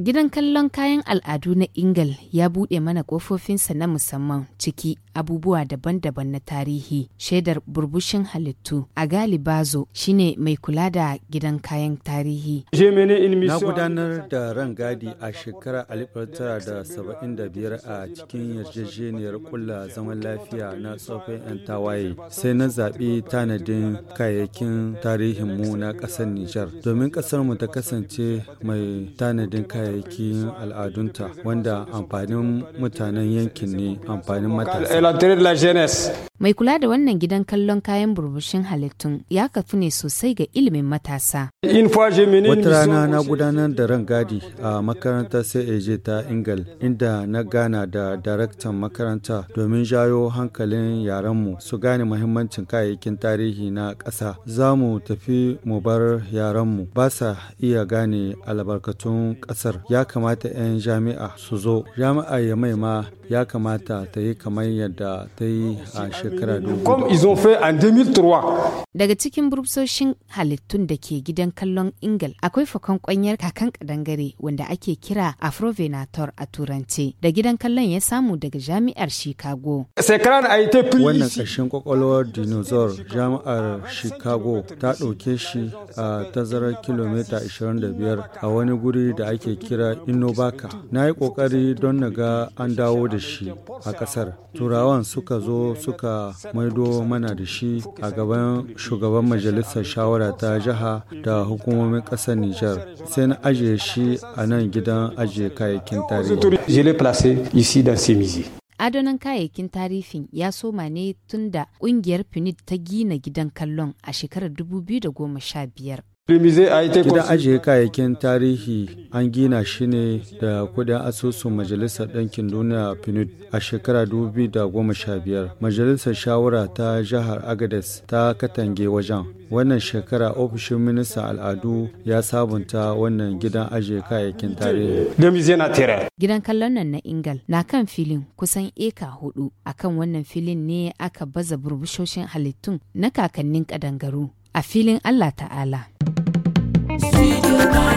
Gidan kallon kayan al'adu na Ingal ya buɗe mana ƙofofinsa na musamman ciki abubuwa daban-daban na tarihi, shaidar burbushin halittu. A galibazo shine mai kula da gidan kayan tarihi. Na gudanar da rangadi a shekarar 1975 a cikin yarjejeniyar kula zaman lafiya na tsofin 'yan tawaye. Sai na zaɓi tanadin kayayyakin tarihinmu na ƙasar Nijar domin ƙasar mu ta kasance mai tanadin kayan kayayyakin al'adunta wanda amfanin mutanen yankin ne amfanin matasa. Mai kula da wannan gidan kallon kayan burbushin halittun ya kafu ne sosai ga ilimin matasa. Wata rana na gudanar da rangadi a makarantar CAG ta Ingal inda na gana da daraktan makaranta domin jayo hankalin yaranmu su gane mahimmancin kayayyakin tarihi na ƙasa. Za mu tafi mu bar yaranmu ba sa iya gane albarkatun ƙasar ya kamata 'yan jami'a su zo jami'a ya mai ma ya kamata ta yi kamar yadda ta yi a shekara 2003 Daga cikin burbusoshin halittun da ke gidan kallon Ingal akwai fakon kwanyar kakan kadangare wanda ake kira Afrovenator a turance da gidan kallon ya samu daga jami'ar Chicago. Wannan kashin kwakwalwar dinosaur jami'ar Chicago ta ɗauke shi a tazarar kilomita 25 a wani guri da ake kira Innobaka. Na yi ƙoƙari don na ga an dawo da shi a ƙasar. Turawan suka zo suka maido mana da shi a gaban shugaban majalisar shawara ta jiha da hukumomin ƙasar Nijar sai na ajiye shi a nan gidan ajiye kayayyakin tarihi. Adonan kayayyakin tarihin ya soma ne tun da ƙungiyar Finid ta gina gidan kallon a shekarar 2015. Gidan ajiye kayayyakin tarihi an gina shi ne da kudin asusun Majalisar Ɗankin Duniya PNUD a shekara 2015. Majalisar Shawara ta Jihar Agadez ta katange wajen. Wannan shekara ofishin ministan al'adu ya sabunta wannan gidan ajiye kayayyakin tarihi. Gidan kallon nan na Ingal na kan filin kusan eka hudu. a kan wannan filin ne aka baza burbushoshin halittun na kakannin kadangaru a filin Allah Ta'ala. Wow.